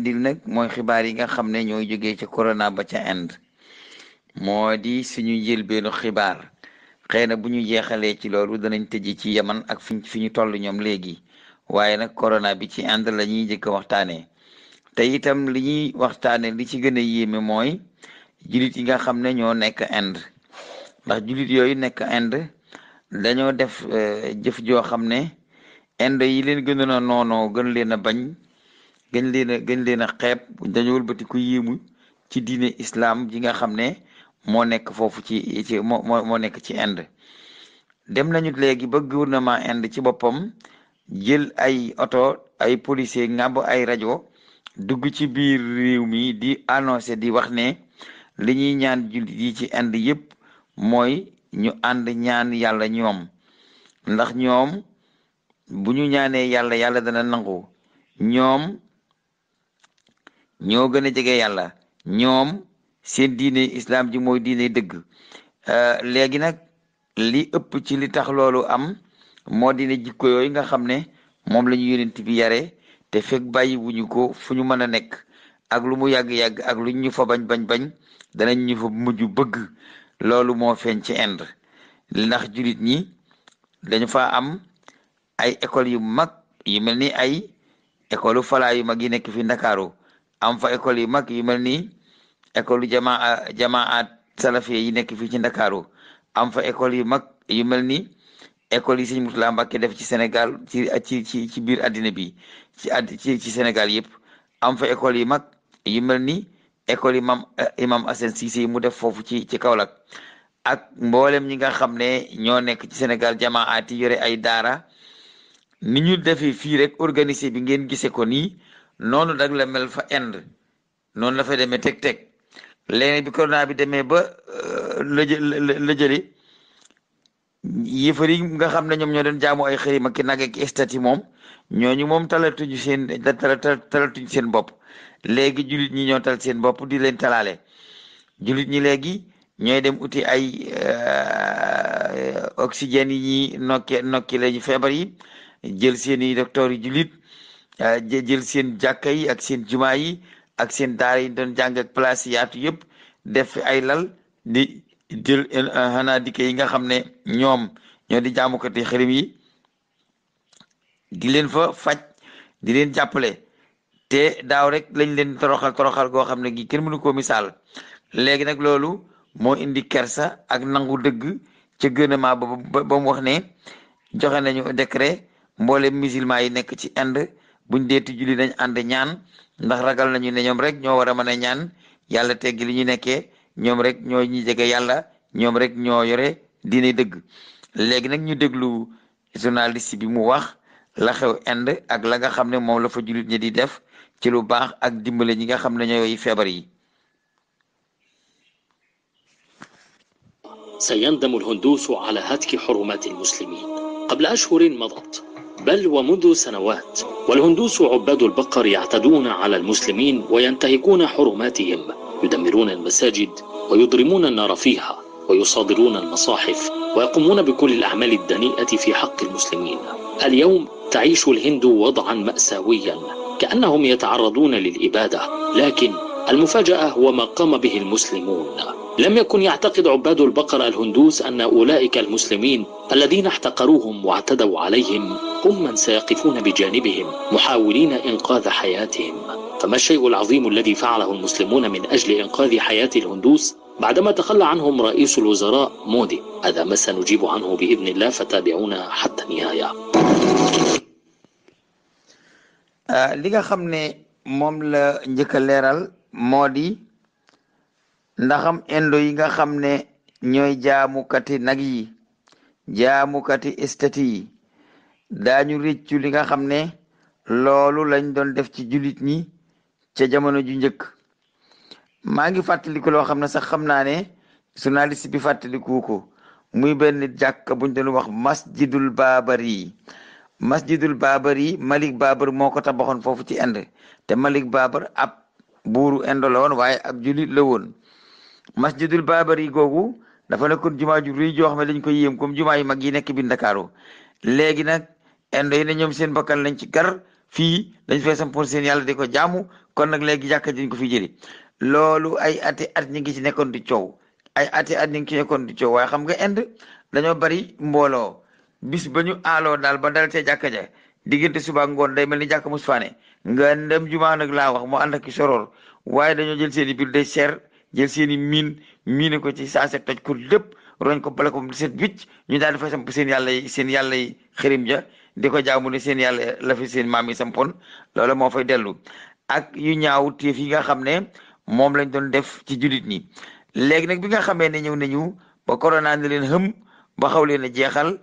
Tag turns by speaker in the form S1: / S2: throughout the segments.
S1: indil nag mooy xibaar yi nga xam ne ñoo jógee ca corona ba ca Inde moo di suñu njëlbeenu xibaar xëy na bu ñu jeexalee ci loolu danañ tëjji ci yaman ak fi ñu toll ñoom léegi waaye nag corona bi ci Inde la ñuy njëkk a waxtaanee tey itam li ñuy waxtaanee li ci gën a yéeme mooy jullit yi nga xam ne ñoo nekk Inde ndax jullit yooyu nekk Inde dañoo def euh, jëf joo xam ne Inde yi leen gënoon a gën leen a bañ. gën leen a gën leen a xeeb dañu wëlbati ku ci diine islaam ji nga xam ne moo nekk ci moo nekk ci Inde dem nañu léegi ba ma Inde ci boppam jël ay oto ay policier ngàbb ay rajo dugg ci biir réew mi di annoncé di wax ne li ñaan jullit yi ci Inde yëpp mooy ñu ànd ñaan yàlla ñoom ndax ñoom bu ñu ñaanee yàlla yàlla dana nangu ñoom ñoo gën a jege yàlla ñoom seen diine islam ji mooy diine dëgg euh, léegi nag li ëpp ci li tax loolu am moo diine jikko yooyu nga xam ne moom la ñu yonent bi yare te fekk bàyyi ko fu ñu mën a nekk ak lu mu yàgg-yàgg ak lu ñu fa bañ-bañ-bañ danañ ñu fa mujj bëgg loolu moo feeñ ci Inde ndax jullit ñi dañu fa am ay école yu mag yu mel ni ay école fala yu mag yi nekk fi Ndakaaru am fa école yu mag yu mel ni école jamaa jamaat salafiya yi nekk fii ci Ndakaaru am fa école yu mag yu mel ni école yi sëñ Murtala Mbàkke def ci Sénégal ci ci ci biir àddina bi ci ci ci Sénégal yëpp am fa école yu mag yu mel ni école yi mam eh, imam Assane Cissé yi mu def foofu ci ci Kaolack ak mboolem ñi nga xam ne ñoo nekk ci Sénégal jamaa yi yore ay daara ni ñu defee fii rek organisé bi ngeen gisee ko nii noonu dag la mel fa Inde noonu la fay deme teg-teg léegi bi corona bi demee ba euh, lëjë lëjëli yëfar yi nga xam ne ñoom ñoo doon jaamu ay xërima ki nag ak stati moom ñooñu moom talatuñu seen talatuñu seen bopp léegi jullit ñi ñoo tal seen bopp di leen talaale jullit ñi léegi ñooy dem uti ay euh, oxygène yi ñi nokki nokki lañu feebar yi jël seen i docteur yi jullit Euh, jël seen jàkka yi ak seen jumaa yi ak seen daara yi doon jàng ak place yaatu yëpp def fi ay lal di jël xanaa euh, euh, dikke yi nga xam ne ñoom ñoo di jaamukati xërëm yi di leen fa faj di leen jàppale te daaw rek lañ leen toroxal toroxal goo xam ne gi kenn mënu koo misaal léegi nag loolu moo indi kersa ak nangu dëgg ca gouvernement ba ba mu wax ne joxe nañu décret mboolem musulman yi nekk ci Inde buñ deeti julli dañ ànd ñaan ndax ragal nañu ne ñoom rek ñoo war a mën a ñaan yàlla teggi li ñu nekkee ñoom rek ñoo ñi jege yàlla ñoom rek ñoo yore diine dëgg léegi nag ñu déglu journaliste bi mu wax la xew Inde ak la nga xam ne moom la fa jullit ñi di def ci lu baax ak
S2: dimbale ñi nga xam ne ñooy feebar yi. سيندم الهندوس على هتك حرمات المسلمين قبل أشهر مضت بل ومنذ سنوات والهندوس عباد البقر يعتدون على المسلمين وينتهكون حرماتهم يدمرون المساجد ويضرمون النار فيها ويصادرون المصاحف ويقومون بكل الأعمال الدنيئة في حق المسلمين اليوم تعيش الهند وضعا مأساويا كأنهم يتعرضون للإبادة لكن المفاجأة هو ما قام به المسلمون لم يكن يعتقد عباد البقر الهندوس أن أولئك المسلمين الذين احتقروهم واعتدوا عليهم هم من سيقفون بجانبهم محاولين إنقاذ حياتهم فما الشيء العظيم الذي فعله المسلمون من أجل إنقاذ حياة الهندوس بعدما تخلى عنهم رئيس الوزراء مودي هذا ما سنجيب عنه بإذن الله فتابعونا حتى النهاية
S1: li nga xam ne moom ndax am indo yi nga xam ne ñooy jaamukati nag yi jaamukati estati yi daañu réccu li nga xam ne loolu lañ doon def ci julit ñi ca jamono ju njëkk maa ngi fàttaliku loo xam ne sax xam naa ne journaliste bi fàttaliku ko muy benn jàkk buñ doon wax masjidul baabar yi masjidul baabar yi malik baabar moo ko tabaxoon foofu ci ind te malik baabar ab buuru indo la woon waaye ab julit la woon masjidul baabari googu dafa nekkoon jumaa ju rëy joo xam ne dañ ko yéem comme jumaa yu mag yi nekk bi Ndakaaru léegi nag indo yi ne ñoom seen bakkan lañ ci gar fii dañ fay sampoon seen yàlla di ko jaamu kon nag léegi jàkka dañ ko fi jëli loolu ay ati at ñu ngi ci nekkoon di coow ay ati at ñu ngi ci nekkoon di coow waaye xam nga ind dañoo bari mbooloo bis ba ñu aaloo daal ba dal cee jàkka ja diggante suba ngoon day mel ni jàkka mus faane nga ndem jumaa nag laa wax mu ànd ak jël seen i miin miine ko ci saase toj ko lépp roñ ko bala ko wicc ñu daal di seen yàlla yi seen ja di ko jaamu ne seen yàlla la fi seen maam yi sampoon loola moo fay dellu ak yu ñaaw téef yi nga xam ne moom lañ doon def ci jullit ñi léegi nag bi nga xamee ne ñëw nañu ba corona ne leen xëm ba xaw leen a jeexal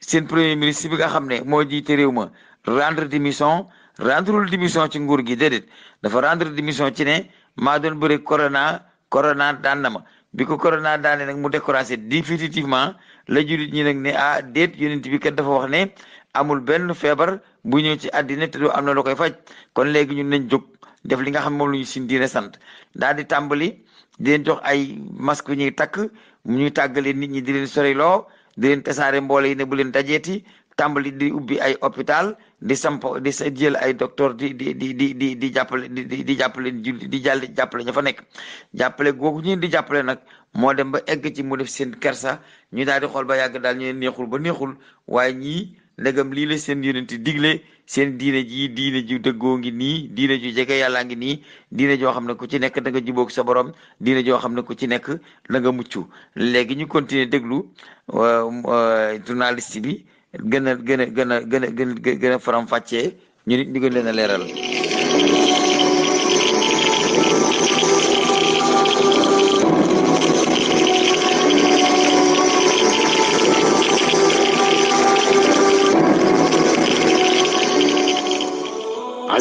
S1: seen premier ministre bi nga xam ne moo jiite réew ma rendre démission rendrewul démission ci nguur gi déedéet dafa rendre démission corona daan na ma bi ko corona daanee nag mu découragé définitivement la jullit ñi nag ne a ah, déet yonent bi kat dafa wax ne amul benn feebar bu ñëw ci àddina te am na lu koy faj kon léegi ñun nañ jóg def li nga xam moom lu ñu sin diine sant daal di tàmbali di leen jox ay masque ñuy takk ñuy tàggale nit ñi di leen soriloo di leen tasaare mboole yi ne bu leen dajeeti tambali di ubi ay hôpital di sampo di sa jël ay docteur di di di di di di jappalé di di jappalé di jall jappalé ñafa nek jappalé gogu ñi di jappalé nak mo dem ba egg ci mu def seen kersa ñu daal di xol ba yag daal ñu neexul ba neexul way ñi legam li la seen yoonenti diglé seen diiné ji diiné ju deggo ngi ni diiné ju jégué yalla ngi ni diiné jo xamné ku ci nek da nga jibok sa borom diiné jo xamné ku ci nek la nga muccu légui ñu continuer deglu euh, euh journaliste bi gën a gën a gën a gën a gën a faram-fàccee ñu nit ñu gën leen a leeral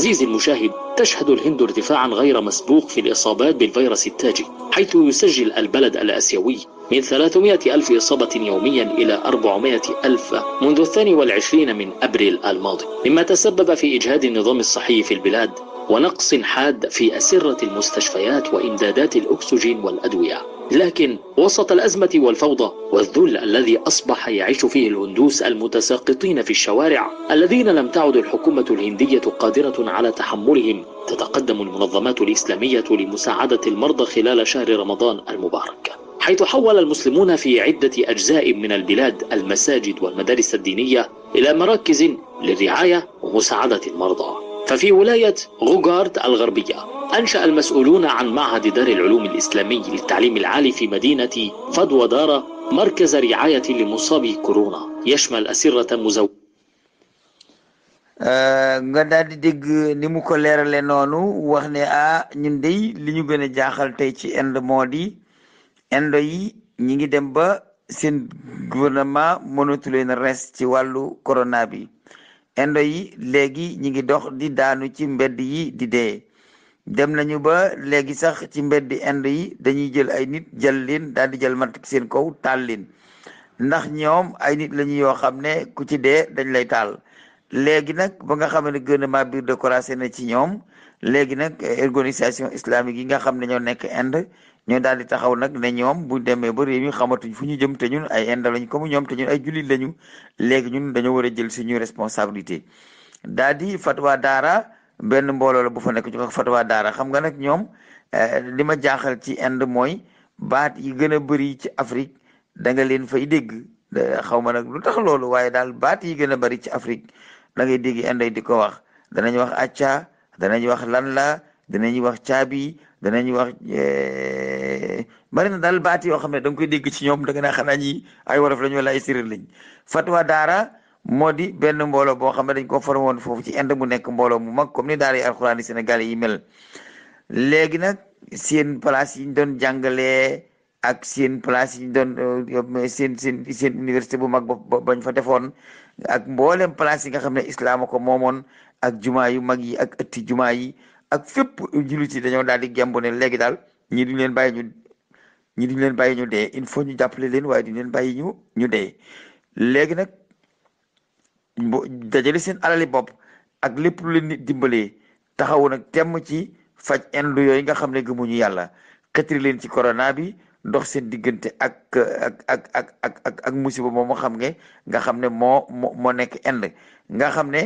S2: عزيزي المشاهد تشهد الهند ارتفاعا غير مسبوق في الإصابات بالفيروس التاجي حيث يسجل البلد الأسيوي من 300 ألف إصابة يوميا إلى 400 ألف منذ الثاني والعشرين من أبريل الماضي مما تسبب في إجهاد النظام الصحي في البلاد ونقص حاد في أسرة المستشفيات وإمدادات الأكسجين والأدوية لكن وسط الأزمة والفوضى والذل الذي أصبح يعيش فيه الهندوس المتساقطين في الشوارع الذين لم تعد الحكومة الهندية قادرة على تحملهم تتقدم المنظمات الإسلامية لمساعدة المرضى خلال شهر رمضان المبارك حيث حول المسلمون في عدة أجزاء من البلاد المساجد والمدارس الدينية إلى مراكز للرعاية ومساعدة المرضى ففي ولاية غوغارد الغربية أنشأ المسؤولون عن معهد دار العلوم الإسلامي للتعليم العالي في مدينة فدوى دارة مركز رعاية لمصابي كورونا يشمل أسرة مزوجة
S1: nga dégg ni mu ko leerale noonu wax ne ah ñun day li ñu gën a jaaxal tey ci Inde moo di Inde yi ñi ngi dem ba seen gouvernement mënatu leen res ci wàllu corona bi Inde yi léegi ñi ngi dox di daanu ci mbedd yi di dee dem nañu ba léegi sax ci mbeddi Inde yi dañuy jël ay nit jël leen daal di jël mat seen kaw taal leen ndax ñoom ay nit lañu yoo xam ne ku ci dee dañ lay taal léegi nag ba nga xam ne gouvernement bi découragé na ci ñoom léegi nag organisation islamique yi nga xam ne ñoo nekk Inde ñoo daal di taxaw nag ne ñoom bu demee ba réew mi xamatuñ fu ñu jëm te ñun ay Inde lañ comme ñoom te ñun ay jullit lañu léegi ñun dañoo war a jël suñu responsabilité daal di benn mbooloo la bu fa nekk ñu ko daara xam nga nag ñoom eh, li ma jaaxal ci ind mooy baat yi gën a bëri ci Afrique da nga leen fay dégg xaw xawma nag lu tax loolu waaye daal baat yi gën a bëri ci Afrique da ngay dégg Inde di ko wax danañ wax acca danañ wax lan la danañ wax caabi danañ wax eh, bari na daal baat yoo xam ne dang koy dégg ci ñoom da nga naa xanaa ñi ay wolof lañ wala ay séréer lañ daara moo di benn mbooloo boo xam ne dañ ko formé woon foofu ci Inde mu nekk mbooloo mu mag comme ni daara yi alxuraan yi Sénégal yi mel léegi nag seen place yi ñu doon jàngalee ak seen place yi ñu doon euh, seen seen seen université bu mag bañ fa defoon ak mboolem palace yi nga xam ne islaama ko moomoon ak jumaa yu mag yi ak ëtti jumaa yi ak fépp jullit yi dañoo daal di gemb ne léegi daal ñii duñ leen bàyyi ñu ñii duñ leen bàyyi ñu dee il faut ñu jàppale leen waaye duñ leen bàyyi ñu ñu dee léegi nag. dajale seen alali bopp ak lépp lu leen nit dimbalee taxawu nag ci faj indu yooyu nga xam ne gëmuñu yàlla xetri leen ci corona bi dox seen diggante ak ak ak ak ak ak xam nga nga xam ne moo moo moo nekk ind nga xam ne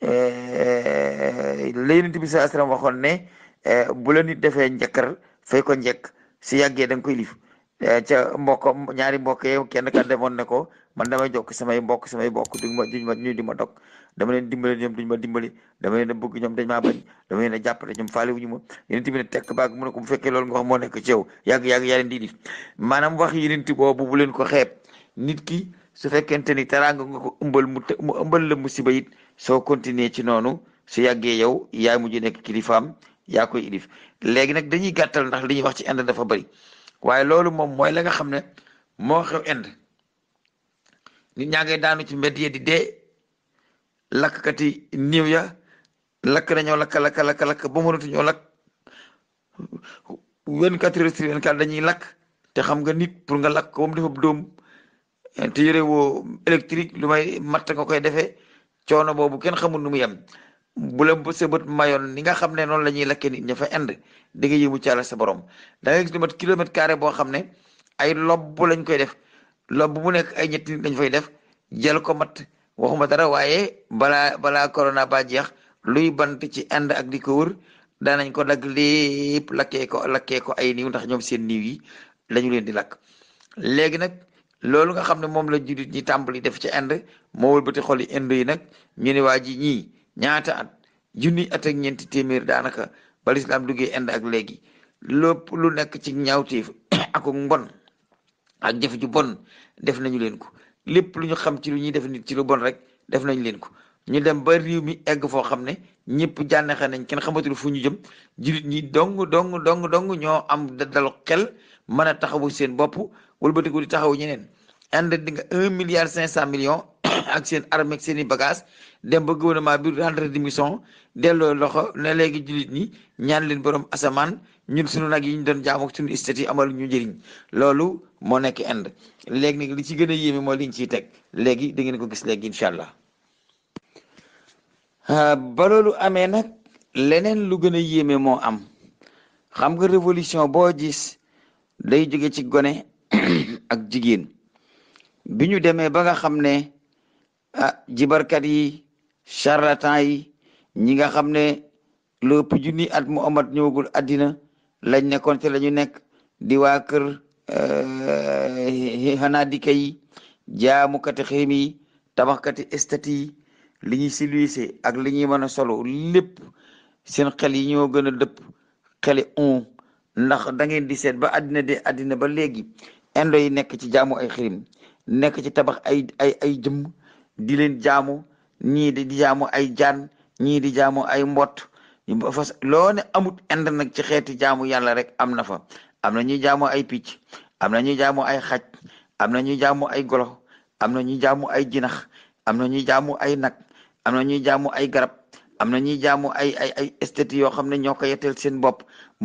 S1: eh, la yonent bi sallallahu alayhi waxoon ne eh, bu la nit defee njëkkar fay ko njëkk su yàggee da koy lif eh, ca mbokk ñaari mbokk kenn ka demoon ko man damay jokk samay mbokk samay mbokk duñ ma di ma dog dama leen dimbali ñoom duñ ma dimbali dama leen a ñoom dama leen a jàppale ñoom faale ma yeneen bi ne tekk baag mu ne ko bu fekkee loolu nga wax moo nekk ci yow yàgg yàgg leen di di maanaam wax leen ko xeeb nit ki su fekkente ni teraanga nga ko ëmbal mu mu ëmbal la musiba it soo continuer ci noonu su yàggee yow yaa mujj nekk kilifaam yaa koy ilif léegi nag dañuy gàttal ndax li ñuy wax ci Inde dafa bëri waaye loolu moom mooy la nga xam ne moo xew Inde nit ñaa daan daanu ci mbedd yi di dee lakkati niiw ya lakk nañoo lakk lakk lakk lakk ba mënatuñoo lakk vingt quatre heures sur vingt quatre dañuy lakk te xam nga nit pour nga lakk ko mu dafa dóom te yore woo électrique lu may matt nga koy defee coono boobu kenn xamul nu mu yem bu la sa bët mayoon ni nga xam ne noonu la ñuy lakkee nit ña fa ind di nga yëmu caala sa borom da nga gis lu carré boo xam ne ay lobb lañ koy def lobb bu nekk ay ñetti nit lañ def jël ko mat waxuma dara waaye balaa balaa corona ba jeex luy bant ci ànd ak di ko wër daanañ ko dagg lépp lakkee ko lakkee ko ay niiw ndax ñoom seen niiw yi lañu leen di lakk léegi nag loolu nga xam ne moom la jullit ñi tàmbali def ci ànd moo wëlbati xol yi indo yi nag ñu ne waa ji ñii ñaata at junni at ak ñeenti téeméer daanaka ba lislaam duggee ak léegi lépp lu nekk ci ñaawteef ak mbon ak jëf ju bon def nañu leen ko lépp lu ñu xam ci lu ñuy def ni ci lu bon rek def nañ leen ko ñu dem ba réew mi egg foo xam ne ñëpp jànnexe nañ kenn xamatul fu ñu jëm jullit ñi dong dong dong dong ñoo am dalu xel mën a taxawu seen bopp wëlbatiku di taxawu ñeneen ànd di nga un milliard cinq cent million ak seen armée ak seen i bagage dem ba gouvernement bi rendre démission delloo loxo ne léegi jullit ñi ñaan leen borom asamaan ñun sunu nag yi ñu doon jaamu ak suñu istat yi amal ñu njëriñ loolu moo nekk Inde léegi nag li ci gën a yéeme mooy liñ ciy teg léegi da ko gis léegi incha allah ba loolu amee nag leneen lu gën a yéeme moo am xam nga révolution boo gis day jóge ci gone ak jigéen bi ñu demee ba nga xam ne ah, jibarkat yi charlatan yi ñi nga xam ne lu ëpp junni at Muhammad ñëwagul àddina lañ nekkoon ci la ñu nekk di waa kër eh, xanaa dike yi jaamukati xim yi tabaxkati stati yi li ñuy silwise ak li ñuy mën a solo lépp seen xel yi ñoo gën a dëpp xeli on ndax da di seet ba àddina de àddina ba léegi indo yi nekk ci jaamu ay xirim nekk ci tabax ay ay ay jëmm di leen jaamu ñii di jaamu ay jaan ñii di jaamu ay mbott fas loo ne amut ànd nag ci xeeti jaamu yàlla rek am na fa am na ñuy jaamu ay picc am na ñuy jaamu ay xaj am na ñuy jaamu ay golo am na ñuy jaamu ay jinax am na ñuy jaamu ay nag am na ñuy jaamu ay garab am na ñuy jaamu ay ay ay esthétique yoo xam ne ñoo ko yetteel seen bopp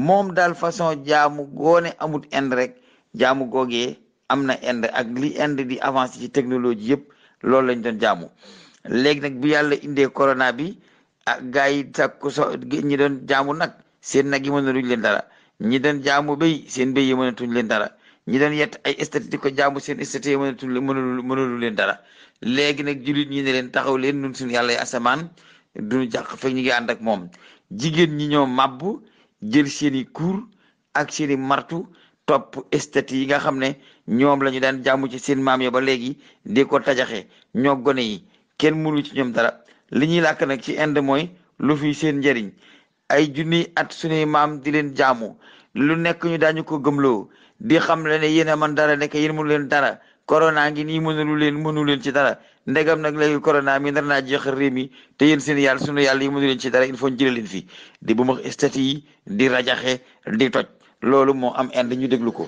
S1: moom daal façon jaamu goone amut ànd rek jaamu googee am na ànd ak li ànd di avance ci technologie yëpp loolu lañ doon jaamu léegi nag bu yàlla indee corona bi ah gars yi sàkku so ñi doon jaamu nag seen nag yi mënatuñ leen dara ñi doon jaamu béy seen béy yi mënatuñ leen dara ñi doon yett ay stati di ko jaamu seen stati yi mënatuñ mënul mënul leen dara léegi nag jullit ñi ne leen taxaw leen nun suñu yàlla yi asamaan duñu jàq fekk ñu ngi ànd ak moom jigéen ñi ñoo màbbu jël seen i kuur ak seen martu topp estati yi nga xam ne ñoom la ñu daan jaamu ci seen maam ya ba léegi di tajaxe ñoo gone yi ci ñoom dara li ñuy làkk nag ci Inde mooy lu fi seen njëriñ ay junniy at suñuy maam di leen jaamu lu nekk ñu daañu ko gëmloo di xam le ne yéen a man dara nekk yéen mënu leen dara corona ngi nii mënulu leen mënu leen ci dara ndegam nag léegi corona mi nar naa jeexal réew mi te yéen seen yàlla sunu yàlla yi mënu leen ci dara il faut jëlee leen fi di bu ma statut yi di rajaxe di toj loolu moo am Inde ñu déglu ko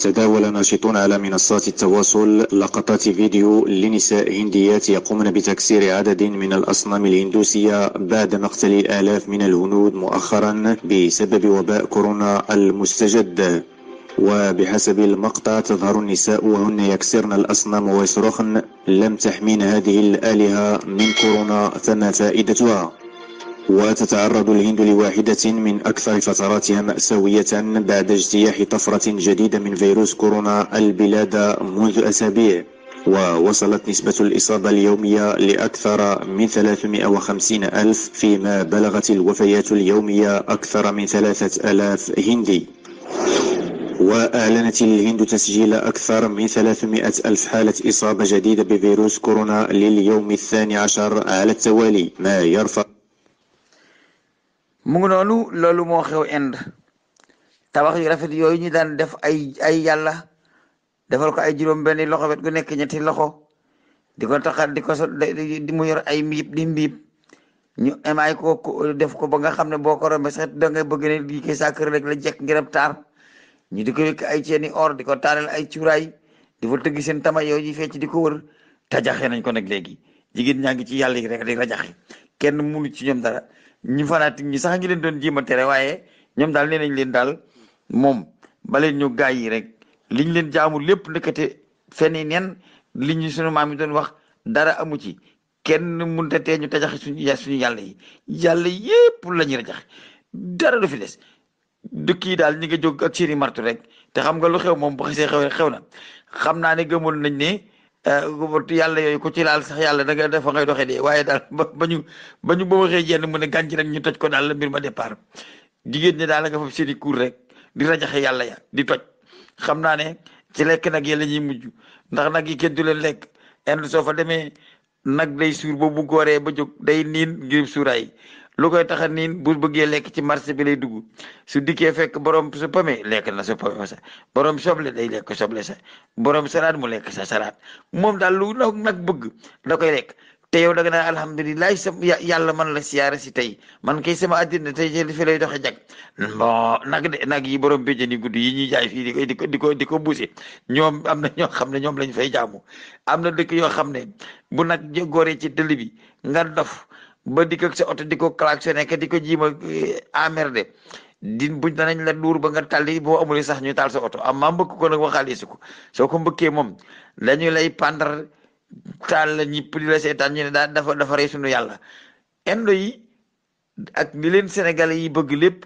S1: تداول ناشطون على منصات التواصل لقطات فيديو لنساء هنديات يقومن بتكسير عدد من الأصنام الهندوسية بعد مقتل الآلاف من الهنود مؤخرا بسبب وباء كورونا المستجد وبحسب المقطع تظهر النساء وهن يكسرن الأصنام ويصرخن لم تحمين هذه الآلهة من كورونا فما فائدتها وتتعرض الهند لواحدة من أكثر فتراتها
S2: مأساوية بعد اجتياح طفرة جديدة من فيروس كورونا البلاد منذ أسابيع ووصلت نسبة الإصابة اليومية لأكثر من
S1: 350 ألف فيما بلغت الوفيات اليومية أكثر من 3000 هندي وأعلنت الهند تسجيل أكثر من 300 ألف حالة إصابة جديدة بفيروس كورونا لليوم الثاني عشر على التوالي
S3: ما يرفع
S1: mu ngi noonu loolu moo xew ind tabax yu rafet yooyu ñu daan def ay ay yàlla defal ko ay juróom benn loxo bet gu nekk ñetti loxo di ko taxal di ko di mu yor ay mbiib di mbiib ñu emaay ko def ko ba nga xam ne boo ko rombe sax da ngay bëgg ne bi sa kër rek la jekk ngiram taar ñu di ko yëkk ay ceeni or di ko taaral ay cuuraay di fa tëgg seen tama yooyu fecc di ko wër tajaxee nañ ko nag léegi jigéen ñaa ngi ci yàlla yi rek di rajaxe kenn munu ci ñoom dara ñu fanatique ñi sax ngi leen doon jéem a tere waaye ñoom daal nee nañ leen daal moom bale ñu gaay yi rek liñ leen jaamu lépp ndëkkate fenni neen li ñu sunu maam yi doon wax dara amu ci kenn mënut a tee ñu tajaxe suñu suñu yàlla yi yàlla yépp la ñuy rajax dara du fi des yi daal ñi nga jóg ak seeni martu rek te xam nga lu xew moom bu xasee xew xew na xam naa ne gëmoon nañ ne yàlla yooyu ku ci laal sax yàlla da nga dafa ngay doxee dee waaye daal ba ñu ba ñu ba waxee jenn mu ne gàncax rek ñu toj ko daal la mbir ma départ jigéen ñi daal a nga foofu seeni kuur rek di rajaxe yàlla ya di toj xam naa ne ci lekk nag yi la ñuy mujj ndax nag yi kenn du leen lekk en soo fa demee nag day suur ba bu góoree ba jóg day niin ngir suuraay lu koy tax a niin bu bëggee lekk ci marché bi lay dugg su dikkee fekk borom su pame lekk na su pame sa borom soble day lekk soble sa borom salaat mu lekk sa salaat moom daal lu nag bëgg da koy lekk te yow da nga naan alhamdulilah sa yàlla man la siyaara si tey man kay sama addina tey jii fi lay doxe jag bon nag de nag yi borom béjjën yi guddi yi ñuy jaay fii di ko di ko di ko buuse ñoom am na ñoo xam ne ñoom lañ fay jaamu am na dëkk yoo xam ne bu nag góoree ci dëll bi nga dof ba di ko sa oto di ko klaxonné di ko jiima eh, emmerdé din buñ nañ la duur ba nga tàlli boo amul sax ñu taal sa oto amma mbëkk ko nag waxaalisi ko soo ko mbëkkee moom lañu lay pandar taal la ñipp di la seetaan ñu ne daa dafa dafa rey suñu yàlla indo yi ak ni leen sénégalais yi bëgg lépp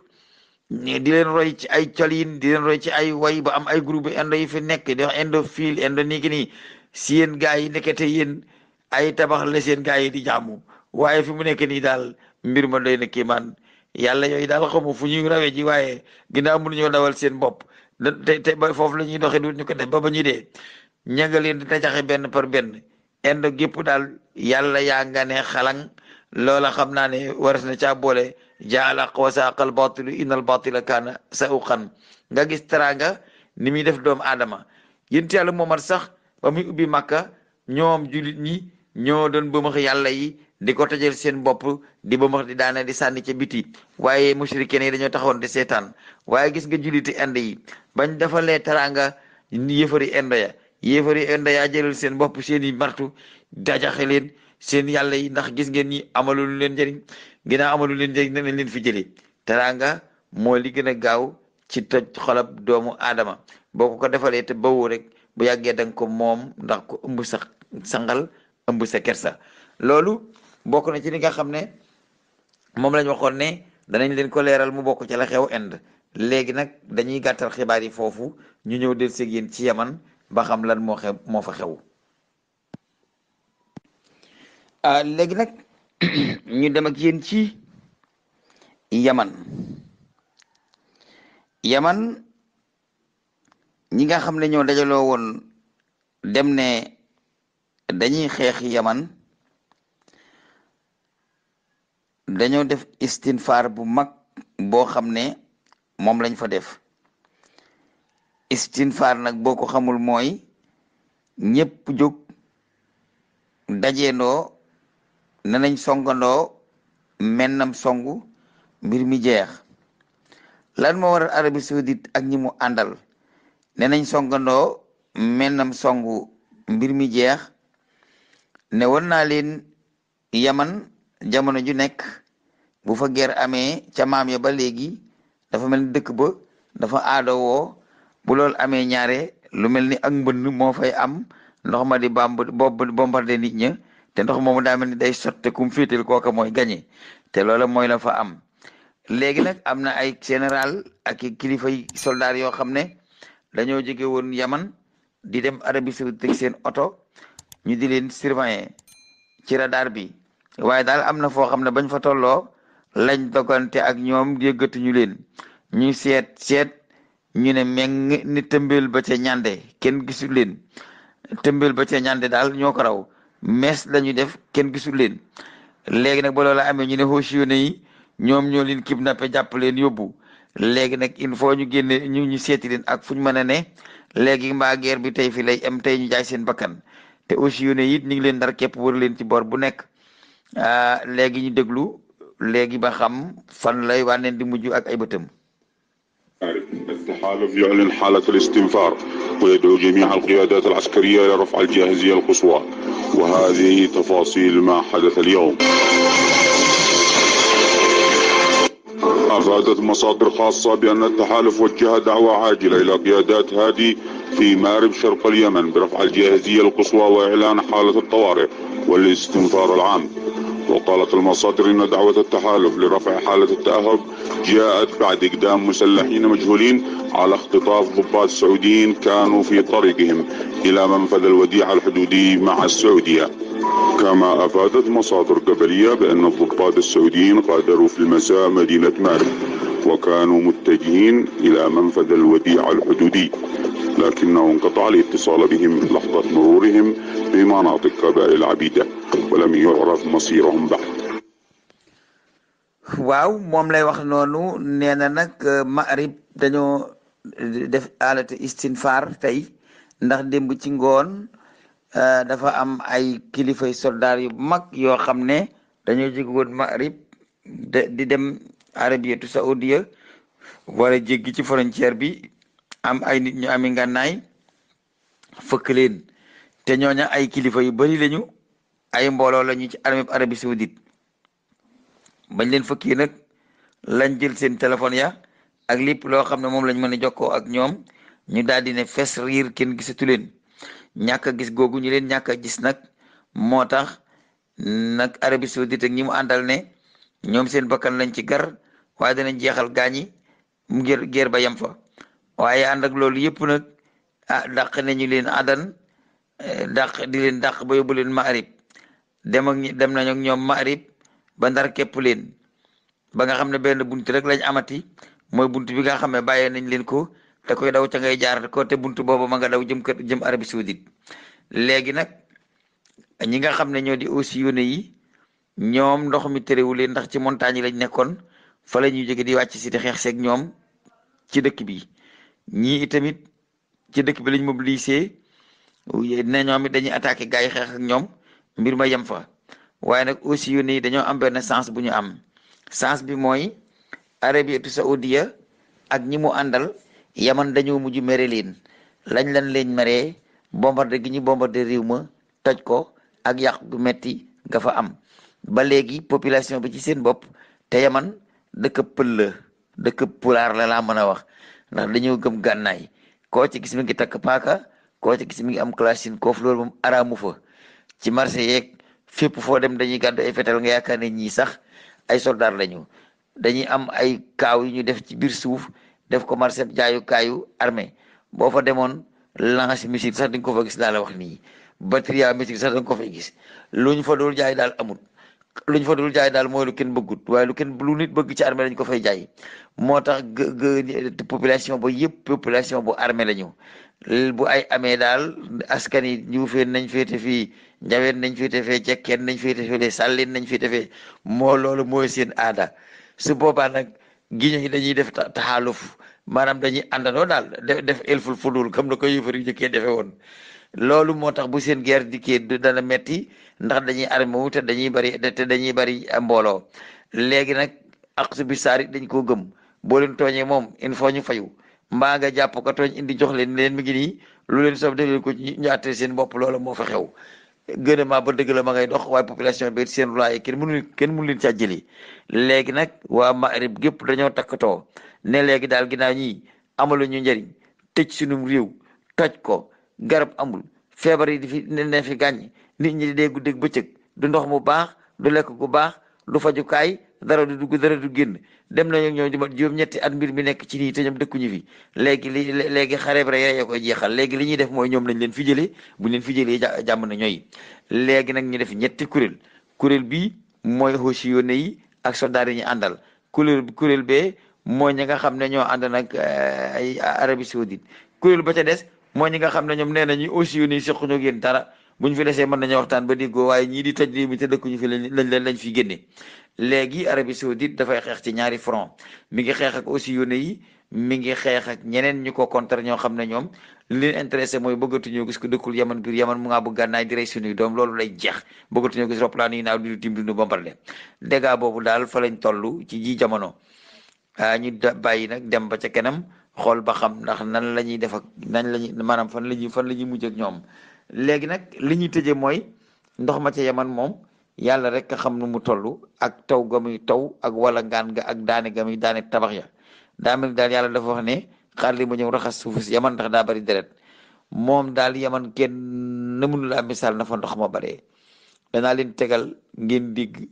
S1: di leen roy ci ay colin di leen roy ci ay way ba am ay group indo yi fi nekk di wax indo fiil indo nii ki nii si yéen gaa yi nekkete yéen ay tabax la seen gaa yi di jaamu waaye fi mu nekk nii daal mbir ma doy na kiimaan yàlla yooyu daal xamu fu ñuy rawee ji waaye ginnaaw ñoo dawal seen bopp te te ba foofu la ñuy doxee du ñu ko def ba ba ñu dee ña nga leen di tajaxe benn par benn indo gépp daal yàlla yaa nga ne xalang loola xam naa ne waras na caa boole jaala wasaaq al batilu inna al batila kaana sawqan nga gis teraanga ni muy def doomu aadama yént yàlla moomat sax ba muy ubbi màkka ñoom julit ñi ñoo doon bëmax yàlla yi di ko tëjal seen bopp di bëmax di daane di sànni ca biti waaye mushrikeen yi dañoo taxawoon di setaan waaye gis nga julliti inde yi bañ defalee teraanga yëfari inde ya yëfari inde jëlal seen bopp seen i martu dajaxe leen seen yàlla yi ndax gis ngeen ñi amaluñ leen njëriñ ginnaaw amalu leen njëriñ nañ leen fi jëlee teraanga moo li gën a gaaw ci toj xolab doomu aadama boo ko ko defalee te bawoo rek bu yàggee danga ko moom ndax ko ëmb sax ëmb sa kersa loolu bokk na ci li xam ne moom lañ waxoon ne danañ leen ko leeral mu bokk ci la xew Inde léegi nag dañuy gàttal xibaar yi foofu ñu ñëw de seeg yéen ci yaman ba lan moo xew moo fa xew ah, léegi nag dem ak yéen ci yaman ñi nga xam ne ñoo dajaloo woon dem ne dañuy xeex yaman dañoo def istin istinfaar bu mag boo xam ne moom lañ fa def istinfaar nag boo ko xamul mooy ñëpp jóg dajeendoo ne nañ songandoo mennam songu mbir mi jeex lan moo waral Arabie Saoudite ak ñi mu àndal ne nañ songandoo mennam songu mbir mi jeex ne war naa leen yaman jamono ju nekk bu fa ger amee ca maam ya ba léegi dafa mel ni dëkk ba dafa aado woo bu loolu amee ñaare lu mel ni ak mbënd moo fay am ndox ma di bamb bob bombardé nit ña te ndox moomu daa mel ni day sotte kum féetal kooka mooy gañe te loola mooy la fa am léegi nag am na ay général ak kilifa yi soldaar yoo xam ne dañoo jóge woon yaman di dem Arabie Saoudite seen oto ñu di leen surveiller ci radar bi waaye daal am na foo xam ne bañ fa tolloo lañ dogante ak ñoom yëggatuñu leen ñu seet seet ñu ne meng ni tëmbeel ba ca ñande kenn gisul leen tëmbeel ba ca ñande daal ñoo ko raw mees lañu def kenn gisul leen léegi nag ba loola amee ñu ne Hautchouinés yi ñoom ñoo leen napp jàpp leen yóbbu léegi nag il faut ñu génne ñu ñu seeti leen ak fu ñu mën a ne léegi mbaa bi tey fii lay am tey ñu jaay seen bakkan te aussi yone yit ñu ngi leen dar kep wër leen ci bor bu nek ah légui ñu déglu légui ba xam fan lay wané di muju ak ay bëtam
S3: التحالف يعلن حالة الاستنفار ويدعو جميع القيادات العسكرية إلى رفع الجاهزية القصوى وهذه تفاصيل ما حدث اليوم أفادت مصادر خاصة بأن التحالف وجه دعوة عاجلة إلى قيادات هادي في مارب شرق اليمن برفع الجاهزية القصوى وإعلان حالة الطوارئ والاستنفار العام وقالت المصادر أن دعوة التحالف لرفع حالة التأهب جاءت بعد إقدام مسلحين مجهولين على اختطاف ضباط سعوديين كانوا في طريقهم إلى منفذ الوديعة الحدودي مع السعودية كما أفادت مصادر قبلية بأن الضباط السعوديين غادروا في المساء مدينة مارب وكانوا متجهين الى منفذ الوديعة الحدودي لكنه انقطع الاتصال بهم لحظة مرورهم بمناطق قبائل عبيدة ولم يعرف مصيرهم بعد
S1: واو موم لاي واخ نونو نينا نك آه، مغرب دانيو آه، ديف آلة استنفار تاي نده ديمب سي نغون دافا ام اي كليفاي سولدار يو ماك يو خامني دانيو جيغوت مغرب دي ديم arabiyatu saoudia wala jéggi ci frontière bi am ay nit ñu ami ngànnaay fëkk leen te ñooña ay kilifa yu bari lañu ay mbooloo lañu ci armée bi arabie saoudite bañ leen fëkkee nag lañ jël seen téléphone ya ak lépp loo xam ne moom lañ mën a jokkoo ak ñoom ñu daal ne fes riir kenn gisatu leen ñàkk gis googu ñu leen ñàkk a gis nag moo tax nag arabie saoudite ak ñi mu àndal ne ñoom seen bakkan lañ ci gar waaye danañ jeexal gaañi ngir géer ba yem fa waaye ànd ak loolu yëpp nag a ah, dàq nañu leen adan eh, dàq di leen dàq ba yóbbu leen maarib dem ak dem nañ ak ñoom maarib ba ndar képp leen ba nga xam ne benn bunt rek lañ amati mooy bunt bi nga xam ne bàyyee nañ leen ko te koy daw ca ngay jaar ko te bunt boobu ma nga daw jëm kër jëm Arabie Saoudite léegi nag ñi nga xam ne ñoo di aussi yóne yi ñoom ndox mi terewul leen ndax ci montagne yi lañ nekkoon fa la ñuy jóge di wàcc si di xeex seeg ñoom ci dëkk bi ñii itamit ci dëkk bi lañ mobilisé ne ñoom it dañuy attaqué gars yi xeex ak ñoom mbir ma yem fa waaye nag aussi yu nii dañoo am benn sens bu ñu am sens bi mooy Arabiyatu Saoudia ak ñi mu àndal yeman dañoo mujj mere leen lañ lan leen meree bombardé gi ñu bombardé réew ma toj ko ak yàq gu metti nga am ba léegi population bi ci seen bopp te yaman dëkk pël la dëkk pulaar la laa mën a wax ndax dañoo gëm gànnaay koo ci gis mi ngi takk paaka koo ci gis mi ngi am clashine koof loolu moom araamu fa ci marché yeeg fépp foo dem dañuy gàddu ay fetal nga yaakaar ne ñii sax ay soldaar lañu dañuy am ay kaaw yu ñu def ci biir suuf def ko marché jaayu kaayu armée boo fa demoon lance missile sax di nga ko fa gis laa la wax nii batterie missile sax di ko fa gis lu ñu fa doon jaay daal amul. luñ fa dul jaay daal mooy lu kenn bëggut waaye lu kenn lu nit bëgg ci armée lañ ko fay jaay moo tax population ba yëpp population bu armée la ñu bu ay amee daal askan yi ñuufeen nañ féete fii njaween nañ féete fee cekkeen nañ féete fee sàllin nañ féete fee moo loolu mooy seen aada su boobaa nag giño yi dañuy def taxaaluf maanaam dañuy àndandoo daal def def elful fudul comme na ko yëfar yu njëkkee defe woon loolu moo tax bu seen guerre dikkee dana metti ndax dañuy armé wu te dañuy bari te dañuy bari mbooloo léegi nag aqsu bi saari dañ koo gëm boo leen tooñee moom il faut ñu fayu mbaa nga jàpp ko indi jox leen leen mi ngi nii lu leen soob def leen ko ñu àtte seen bopp loola moo fa xew gën maa ba dëgg la ma ngay dox waaye population bi seen loyer kenn mënu kenn mënu leen caa jëli léegi nag waa Maghreb gépp dañoo takkatoo ne léegi daal ginnaaw ñi amalu ñu njëriñ tëj sunum réew toj ko garab amul feebar yi di fi ne fi gàññ nit ñi di dee guddeeg bëccëg du ndox mu baax du lekk gu baax du fajukaay dara du dugg dara du génn dem nañu ñoom di mat juróom-ñetti at mbir mi nekk ci nii te ñoom dëkkuñu fi léegi li léegi xareeb rek ya koy jeexal léegi li ñuy def mooy ñoom lañ leen fi jëlee buñ leen fi jëlee jàmm na ñooy léegi nag ñu def ñetti kuréel kuréel bi mooy xoosi yónne yi ak soldaar yi ñu àndal kuréel bee mooy ñi nga xam ne ñoo ànd nag eh, ay Arabie Saoudite kuréel ba ca des mooy ñi nga xam ne ñoom nee nañu aussi yónne yi sequñu dara buñ fi desee mën nañoo waxtaan ba déggoo waaye ñii di toj réew mi te dëkkuñu fi lañ leen lañ fi génne léegi Arabie Saoudite dafay xeex ci ñaari front mi ngi xeex ak aussi yónne yi mi ngi xeex ak ñeneen ñu ko contre ñoo xam ne ñoom li leen intéressé mooy bëggatuñoo gis ko dëkkul yaman biir yaman mu ngaa bëgg gànnaay di rey doom loolu lay jeex bëggatuñoo gis roplaan yi naaw di tim dundu bombardé dégâts boobu daal fa lañ toll ci ji jamono ñu bàyyi nag dem ba ca kenam xool ba xam ndax nan la ñuy def ak nan la ñuy maanaam fan la ñuy fan la ñuy mujj ñoom léegi nag li ñuy tëjee mooy ndox ma ca yaman moom yàlla rek a xam nu mu toll ak taw ga muy taw ak wala ngaan ga ak daane ga daane tabax ya daa mel daal yàlla dafa ne xaar li ma ñëw raxas suuf si yaman ndax daa bari deret moom daal yaman kenn mënu laa misaal na fa ndox ma baree danaa leen tegal ngeen digg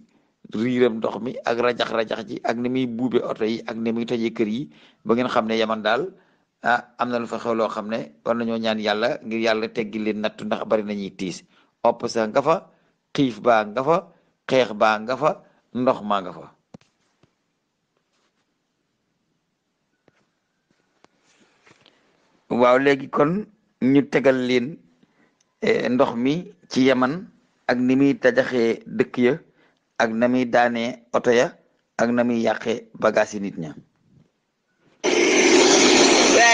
S1: riiram ndox mi ak rajax rajax ji ak ni muy buube oto yi ak ni muy tojee kër yi ba ngeen xam ne yaman daal ah am na lu fa xew loo xam ne war nañoo ñaan yàlla ngir yàlla teggi leen natt ndax na nañuy tiis opp nga fa xiif ba nga fa xeex ba nga fa ndox maa nga fa waaw léegi kon ñu tegal leen eh, ndox mi ci yaman ak ni muy tajaxee dëkk ya ak na muy daane oto ya ak na muy yàqee bagaasi nit ña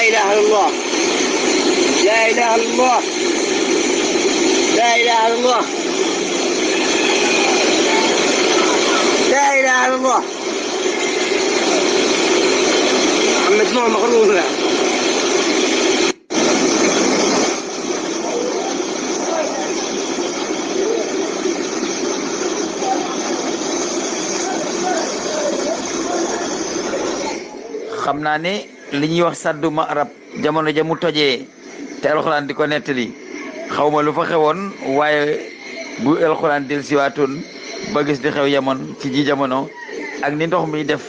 S3: لا إله إلا الله لا إله إلا الله لا إله إلا الله لا إله إلا الله عم تنوع مغرور
S1: خمناني li ñuy wax ma marab jamono ja toje tojee te di ko nettali xaw ma lu fa xewoon waaye bu alxuraan del siwaatoon ba gis di xew yemoon ci jamono ak ni ndox mi def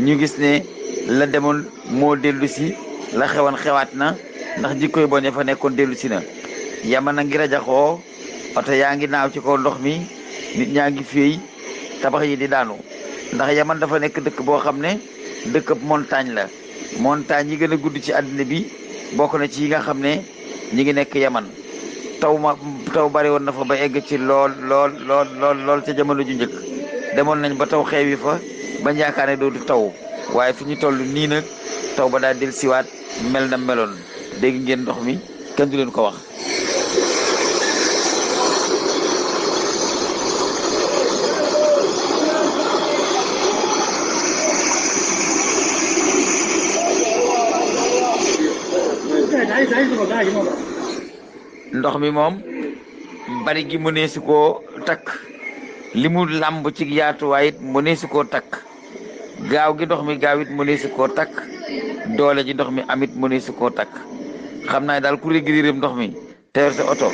S1: ñu gis ne la demoon moo dellu si la xewoon xewaat na ndax jikkoy bon ya fa nekkoon dellu si na yaman a ngi rajaxoo oto yaa ngi naaw ci kaw ndox mi ñaa ngi fiy tabax yi di daanu ndax yaman dafa nekk dëkk boo xam ne dëkk montagne la montagne ñi gën a gudd ci àddina bi bokk na ci yi nga xam ne ñi ngi nekk yaman taw ma taw bari woon na fa ba egg ci lool lool lool lool lool ca jamono ju njëkk demoon nañ ba taw xeewi fa bañ yaakaar ne doo du taw waaye fi ñu toll nii nag taw ba daal del siwaat mel na meloon dégg ngeen ndox mi kenn du leen ko wax ndox mi moom bari gi mu ne si koo takk li mu làmb ci yaatuwaay it mu si koo takk gaaw gi ndox mi gaawit it mu koo takk doole ji ndox mi amit mu ne si koo takk xam naa daal ku régiriram ndox mi teer sa oto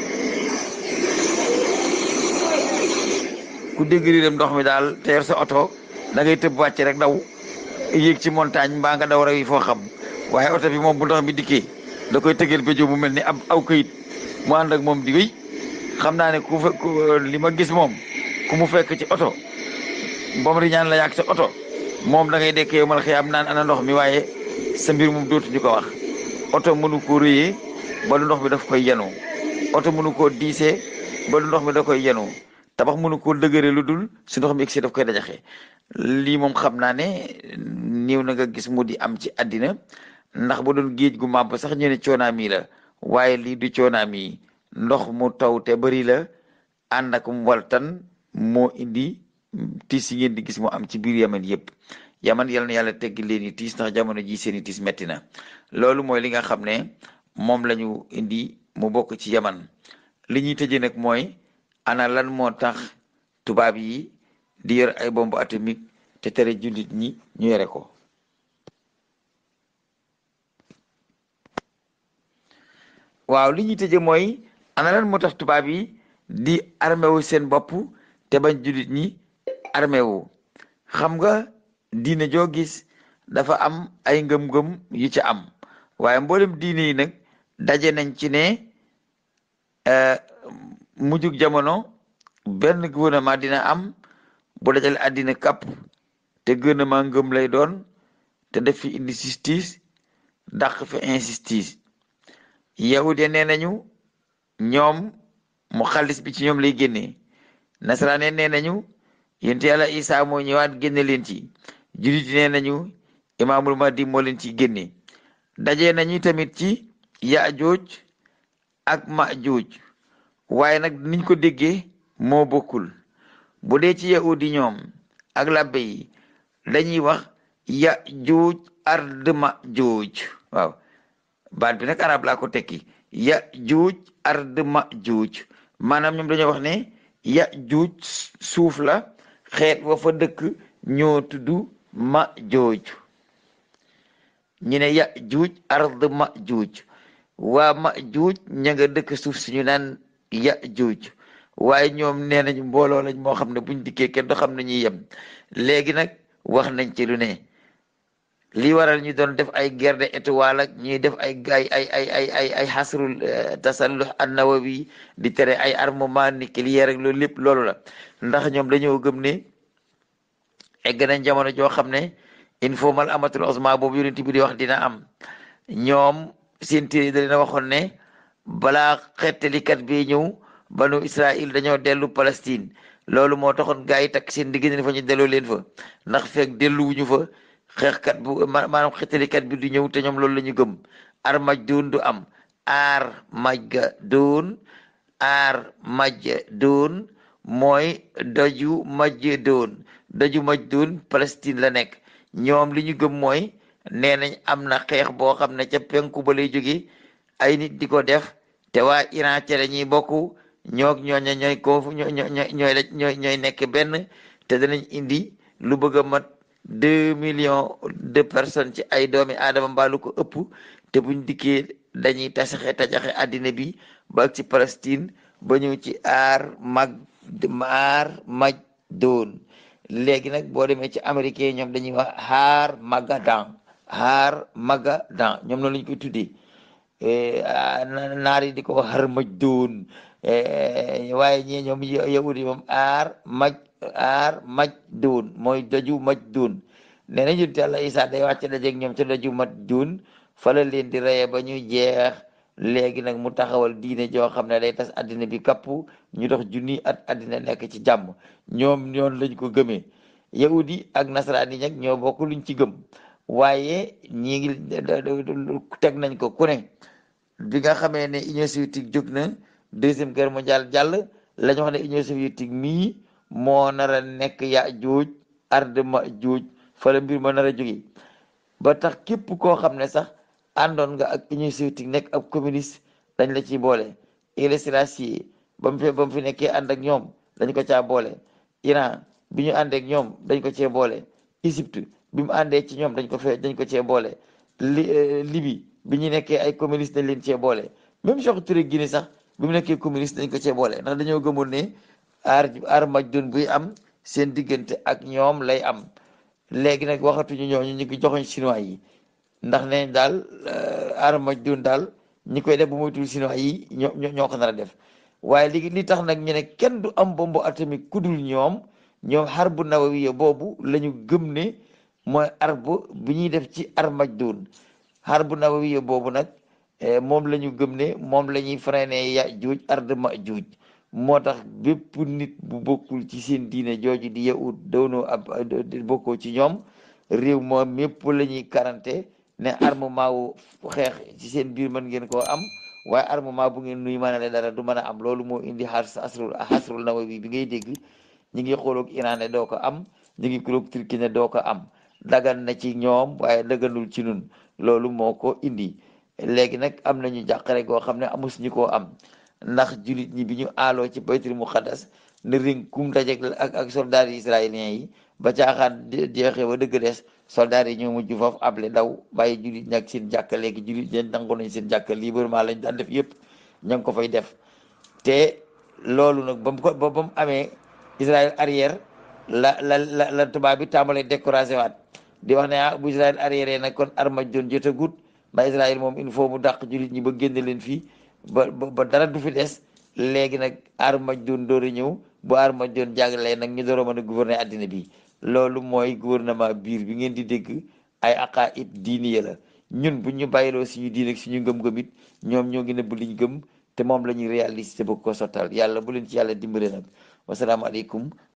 S1: ku dégiriram ndox mi daal teer sa oto dangay ngay tëb wàcce rek daw yéeg ci montagne mbaa nga daw raw foo xam waaye oto bi moom bu ndox mi dikkee da koy tëggal béjjoo bu mel ni ab aw kayit mu ànd ak moom di wéy xam naa ne ku fe li ma gis moom ku mu fekk ci oto bom riñaan la yàq sa oto moom da ngay dekkee yow man xiyaam naan ana ndox mi waaye sa mbir moom dootuñu ko wax oto mënu koo réyee ba lu ndox mi daf koy yenoo oto mënu ko diisee ba lu ndox mi da koy yenoo tabax mënu koo dëgëre lu dul si ndox mi egsi daf koy dajaxe lii moom xam naa ne néew na gis mu di am ci àddina ndax bu doon géej gu màbb sax ñu ne coonaam la waaye lii du coonaam ndox mu taw te bëri la ànd ak mbaltan moo indi tiis yi ngeen di gis mu am ci biir yaman yëpp yaman yal na yàlla tegg leen i tiis ndax jamono ji seen i tiis metti na loolu mooy li nga xam ne moom la indi mu bokk ci yaman li ñuy tëjee nag mooy ana lan moo tax tubaab yi di yor ay bombe atomique te tere jullit ñi ñu yore ko waaw li ñuy tëje mooy ana lan moo tax tubaab yi di armé seen bopp te bañ jullit ñi xam nga diine joo gis dafa am ay ngëm-ngëm yu ci am waaye mboolem diine yi nag daje nañ ci ne eh, mujjug jamono benn gouvernement dina am bu dajal àddina kàpp te gouvernement ngëm lay doon te def fi indi justice dàq fi injustice yahud ya nee nañu ñoom mu xalis bi ci ñoom lay génnee nasaraane nee nañu yonent yàlla Isaa moo ñëwaat génne leen ci jullit nee nañu imaamul mahdi moo leen ci génne daje nañu tamit ci yaajuuj ak maajuuj waaye nag niñ ko déggee moo bokkul bu dee ci yahud yi ñoom ak labbe yi dañuy wax yaajuuj ard maajuuj waaw baat bi nag anaab laa ko tekki ya juuj ard ma juuj maanaam ñoom dañoo wax ne ya juuj suuf la xeet wa fa dëkk ñoo tudd ma jooj ñu ne ya juuj ard ma juuj waa ma juuj ña nga dëkk suuf si ñu naan ya juuj waaye ñoom nee nañ mbooloo lañ moo xam ne buñ dikkee kenn du xam ne ñuy yem léegi nag wax nañ ci lu ne lii waral ñu doon def ay guerre étoile ak ñuy def ay ay ay ay ay ay ay xasrul eh, tasallux annawawi di tere ay armement nucléaire ak loolu lépp loolu la ndax ñoom dañoo gëm ne egg nañ jamono joo xam ne informal amatul osma boobu yonent bi di wax dina am ñoom seen téere dina waxoon ne balaa xettalikat bi ñëw banu Israël dañoo dellu Palestine loolu moo taxoon gars yi takk seen digg ne fa ñu delloo leen fa ndax fekk delluwuñu fa xeexkat bu maanaam xetalikat bi du ñëw te ñoom loolu la ñu gëm ar maj doon du am aar maj doon aar maj doon mooy daju maj doon daju maj doon Palestine la nekk ñoom li ñu gëm mooy nee nañ am na xeex boo xam ne ca penku ba lay jóge ay nit di ko def te waa Iran ca la ñuy bokk ñooy nekk benn te danañ indi lu deux millions de personnes ci ay doomi aadama mbaalu ko ëpp te buñ dikkee dañuy tasaxe tajaxe àddina bi ba ak ci Palestine ba ñëw ci aar mag maar maj doon léegi nag boo demee ci américain ñoom dañuy wax xaar magadan ñoom noonu lañu koy tuddee e, naar yi di ko wax xar maj doon e, waaye ñee ñoom yahudi moom aar maj aar majduun mooy daju majduun nee na yonent Yàlla Isaa day wàcc jeg ñoom ca daju majduun fala leen di reye ba ñu jeex léegi nag mu taxawal diine joo xam ne day tas addina bi kapp ñu dox junni at addina nekk ci jàmm ñoom ñoon lañ ko gëmee yahudi ak nasaraan yi nag ñoo bokk luñ ci gëm waaye ñi ngi teg nañ ko ku ne bi nga xamee ne union soviétique jóg na deuxième guerre mondiale jàll lañ wax ne union soviétique mii moo nara nekk ya juuj ard ma juuj fala mbir ma nar a jóge ba tax képp koo xam ne sax àndoon nga ak union soviétique nekk ab communiste dañ la ci boole Iugoslavi ba mu fi mu fi nekkee ànd ak ñoom dañ ko caa boole Iran bi ñu àndee ak ñoom dañ ko cee boole Égypte bi mu àndee ci ñoom dañ ko fee dañ ko cee boole li euh, Libi bi ñu nekkee ay communiste dañ leen cee boole même Sékou Touré Guinée sax bi mu nekkee communiste dañ ko cee boole ndax dañoo gëmoon ne ar armajdun buy am seen diggante ak ñoom lay am léegi nag waxatuñu ñooñu ñu ngi joxoñ chinois yi ndax nee daal euh, armajdun daal ñi koy def bu moytul chinois yi ñoo ñoo ko a def waaye léegi li tax nag ñu ne kenn du am bombe atomique kudul ñoom ñoom harbu nawawiya boobu lañu gëm ne mooy arbu bi ñuy def ci bu harbu nawawiya boobu nag euh, moom lañu gëm ne moom la ñuy freiné ya juuj ard ma moo tax bépp nit bu bokkul ci seen diine jooju di yahud doonoo ab bokkoo ci ñoom réew moom mépp la ñuy karante ne armement wu xeex ci seen biir mën ngeen ko am waaye armement bu ngeen nuy lee dara du mën a am loolu moo indi xas asrul xasrul nawawi bi ngay dégg ñi ngi xooloog Iran doo ko am ñi ngi xooloog Turquie doo ko am dagan na ci ñoom waaye daganul ci nun loolu moo ko indi léegi nag am nañu jàqare goo xam ne amus ñi koo am ndax julit ñi bi ñu aloo ci baytul muqaddas ne ring kum dajek ak ak soldats yi israéliens ba caaxaan jeexee ba dëgg des soldats yi ñoo mujj foofu able daw bàyyi julit ñak seen jàkka léegi julit ñeen nangu nañ seen jàkka librement lañ daan def yëpp ña ngi ko fay def te loolu nag ba mu ko ba mu amee Israël arrière la la la la tubaab bi tàmbalee découragé waat di wax ne a ah, bu Israël arrière nag kon Armageddon jotagut ba Israël moom il faut mu dàq jullit ñi ba génne leen fii ba dara du fi dess legui nak arma jun do ri ñew bu arma jun jagale nak ñu doro mëna gouverner adina bi lolu moy gouvernement bir bi ngeen di deg ay aqaid diniya la ñun bu ñu bayilo ci ñu diin ak ci ñu gëm gëm it ñom ñogi neub liñ gëm te mom lañu réaliser bu ko sotal yalla bu leen ci yalla dimbalé nak wassalamu alaykum